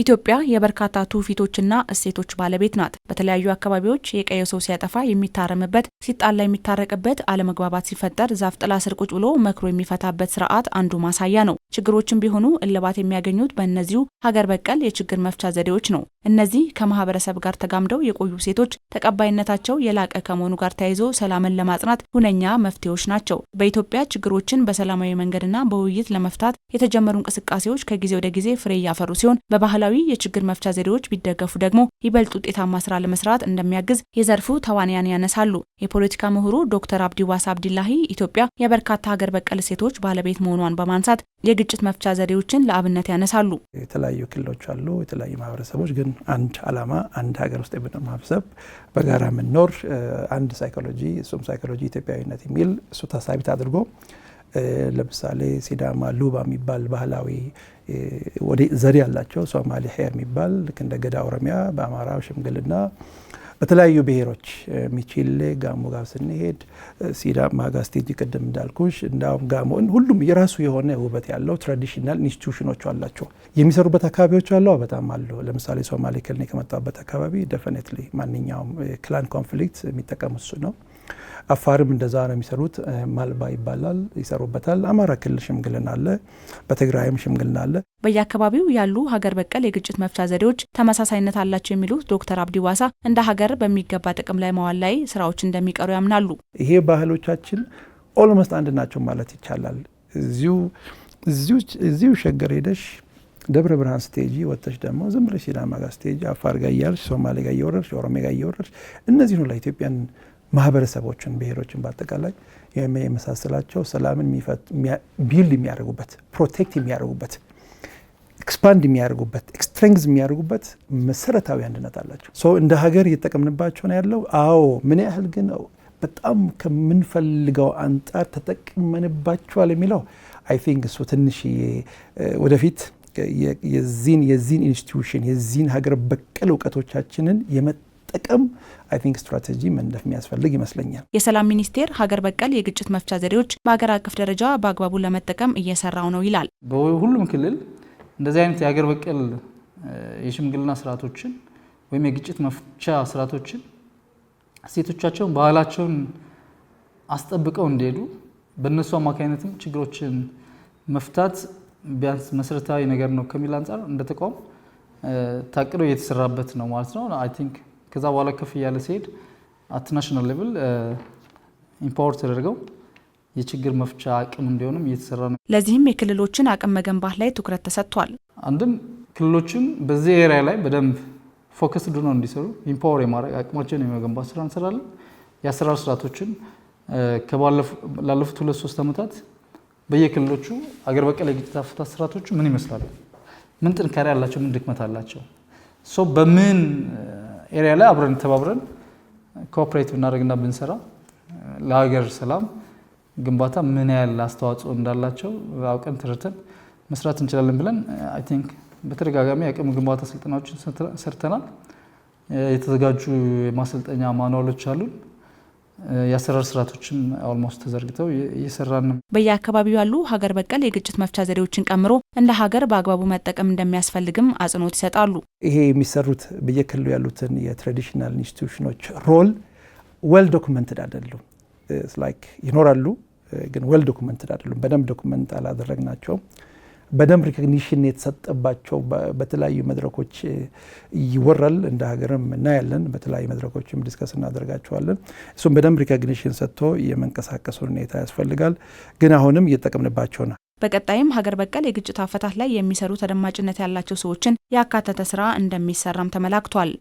ኢትዮጵያ የበርካታ ትውፊቶችና እሴቶች ባለቤት ናት። በተለያዩ አካባቢዎች የቀየ ሰው ሲያጠፋ የሚታረምበት፣ ሲጣላ የሚታረቅበት፣ አለመግባባት ሲፈጠር ዛፍ ጥላ ስር ቁጭ ብሎ መክሮ የሚፈታበት ስርዓት አንዱ ማሳያ ነው። ችግሮችም ቢሆኑ እልባት የሚያገኙት በእነዚሁ ሀገር በቀል የችግር መፍቻ ዘዴዎች ነው። እነዚህ ከማህበረሰብ ጋር ተጋምደው የቆዩ ሴቶች ተቀባይነታቸው የላቀ ከመሆኑ ጋር ተያይዞ ሰላምን ለማጽናት ሁነኛ መፍትሄዎች ናቸው። በኢትዮጵያ ችግሮችን በሰላማዊ መንገድና በውይይት ለመፍታት የተጀመሩ እንቅስቃሴዎች ከጊዜ ወደ ጊዜ ፍሬ እያፈሩ ሲሆን በባህላዊ የችግር መፍቻ ዘዴዎች ቢደገፉ ደግሞ ይበልጥ ውጤታማ ስራ ለመስራት እንደሚያግዝ የዘርፉ ተዋንያን ያነሳሉ። የፖለቲካ ምሁሩ ዶክተር አብዲዋስ አብዲላሂ ኢትዮጵያ የበርካታ ሀገር በቀል ሴቶች ባለቤት መሆኗን በማንሳት የግጭት መፍቻ ዘዴዎችን ለአብነት ያነሳሉ። የተለያዩ ክልሎች አሉ፣ የተለያዩ ማህበረሰቦች ግን አንድ አላማ አንድ ሀገር ውስጥ የምንኖር ማህበረሰብ በጋራ የምንኖር አንድ ሳይኮሎጂ፣ እሱም ሳይኮሎጂ ኢትዮጵያዊነት የሚል እሱ ታሳቢት አድርጎ ለምሳሌ ሲዳማ ሉባ የሚባል ባህላዊ ወደ ዘዴ ያላቸው፣ ሶማሌ ሄር የሚባል ልክ እንደ ገዳ ኦሮሚያ በአማራ ሽምግልና በተለያዩ ብሔሮች ሚችሌ ጋሞ ጋር ስንሄድ ሲዳማ ጋር ስትሄጂ ቅድም እንዳልኩሽ እንዳውም ጋሞ ሁሉም የራሱ የሆነ ውበት ያለው ትራዲሽናል ኢንስቲቱሽኖች አላቸው። የሚሰሩበት አካባቢዎች አለው በጣም አሉ። ለምሳሌ ሶማሌ ክልል ከመጣበት አካባቢ ደፈኔትሊ ማንኛውም ክላን ኮንፍሊክት የሚጠቀሙ እሱ ነው። አፋርም እንደዛ ነው የሚሰሩት። ማልባ ይባላል ይሰሩበታል። አማራ ክልል ሽምግልና አለ፣ በትግራይም ሽምግልና አለ። በየአካባቢው ያሉ ሀገር በቀል የግጭት መፍቻ ዘዴዎች ተመሳሳይነት አላቸው የሚሉት ዶክተር አብዲ ዋሳ እንደ ሀገር በሚገባ ጥቅም ላይ መዋል ላይ ስራዎች እንደሚቀሩ ያምናሉ። ይሄ ባህሎቻችን ኦልሞስት አንድ ናቸው ማለት ይቻላል። እዚሁ ሸገር ሄደሽ ደብረ ብርሃን ስቴጂ ወጥተሽ ደግሞ ዝም ብለሽ ሲዳማ ጋር ስቴጂ፣ አፋር ጋር እያለሽ ሶማሌ ጋር እየወረድሽ ኦሮሜ ጋር እየወረድሽ እነዚህ ነው ለኢትዮጵያን ማህበረሰቦችን፣ ብሔሮችን በአጠቃላይ የመሳሰላቸው ሰላምን ቢልድ የሚያደርጉበት ፕሮቴክት የሚያደርጉበት ኤክስፓንድ የሚያደርጉበት ኤክስትሬንግዝ የሚያደርጉበት መሰረታዊ አንድነት አላቸው። ሶ እንደ ሀገር እየተጠቀምንባቸው ነው ያለው። አዎ ምን ያህል ግን በጣም ከምንፈልገው አንጻር ተጠቅመንባቸዋል የሚለው አይ ቲንክ እሱ ትንሽ ወደፊት የዚህን ኢንስቲትዩሽን የዚህን ሀገር በቀል እውቀቶቻችንን ለመጠቀም አይ ቲንክ ስትራቴጂ መንደፍ የሚያስፈልግ ይመስለኛል። የሰላም ሚኒስቴር ሀገር በቀል የግጭት መፍቻ ዘዴዎች በሀገር አቀፍ ደረጃ በአግባቡ ለመጠቀም እየሰራው ነው ይላል። በሁሉም ክልል እንደዚህ አይነት የሀገር በቀል የሽምግልና ስርዓቶችን ወይም የግጭት መፍቻ ስርዓቶችን ሴቶቻቸውን ባህላቸውን አስጠብቀው እንዲሄዱ በእነሱ አማካኝነትም ችግሮችን መፍታት ቢያንስ መሰረታዊ ነገር ነው ከሚል አንጻር እንደ ተቋም ታቅዶ እየተሰራበት ነው ማለት ነው አይ ቲንክ ከዛ በኋላ ከፍ እያለ ሲሄድ አት ናሽናል ሌቭል ኢምፓወር ተደርገው የችግር መፍቻ አቅም እንዲሆንም እየተሰራ ነው። ለዚህም የክልሎችን አቅም መገንባት ላይ ትኩረት ተሰጥቷል። አንድም ክልሎችን በዚህ ኤሪያ ላይ በደንብ ፎከስ ድኖ እንዲሰሩ ኢምፓወር የማድረግ አቅማቸውን የመገንባት ስራ እንሰራለን። የአሰራር ስርዓቶችን uh, ላለፉት ሁለት ሶስት ዓመታት በየክልሎቹ አገር በቀል የግጭት አፈታት ስርዓቶቹ ምን ይመስላሉ? ምን ጥንካሬ አላቸው? ምን ድክመት አላቸው? በምን ኤሪያ ላይ አብረን ተባብረን ኮኦፕሬት ብናደርግና ብንሰራ ለሀገር ሰላም ግንባታ ምን ያህል አስተዋጽኦ እንዳላቸው አውቀን ትርትን መስራት እንችላለን ብለን አይ ቲንክ በተደጋጋሚ የአቅም ግንባታ ስልጠናዎችን ሰርተናል። የተዘጋጁ የማሰልጠኛ ማንዋሎች አሉን። የአሰራር ስርዓቶችም አልሞስት ተዘርግተው እየሰራን ነው። በየአካባቢው ያሉ ሀገር በቀል የግጭት መፍቻ ዘዴዎችን ቀምሮ እንደ ሀገር በአግባቡ መጠቀም እንደሚያስፈልግም አጽንኦት ይሰጣሉ። ይሄ የሚሰሩት በየክልሉ ያሉትን የትራዲሽናል ኢንስቲቱሽኖች ሮል ዌል ዶክመንትድ አይደሉም። ላይክ ይኖራሉ፣ ግን ዌል ዶኩመንትድ አይደሉም። በደንብ ዶክመንት አላደረግናቸውም። በደንብ ሪኮግኒሽን የተሰጠባቸው በተለያዩ መድረኮች ይወራል። እንደ ሀገርም እናያለን። በተለያዩ መድረኮችም ዲስከስ እናደርጋቸዋለን። እሱም በደንብ ሪኮግኒሽን ሰጥቶ የመንቀሳቀስ ሁኔታ ያስፈልጋል። ግን አሁንም እየተጠቀምንባቸው ነው። በቀጣይም ሀገር በቀል የግጭት አፈታት ላይ የሚሰሩ ተደማጭነት ያላቸው ሰዎችን ያካተተ ስራ እንደሚሰራም ተመላክቷል።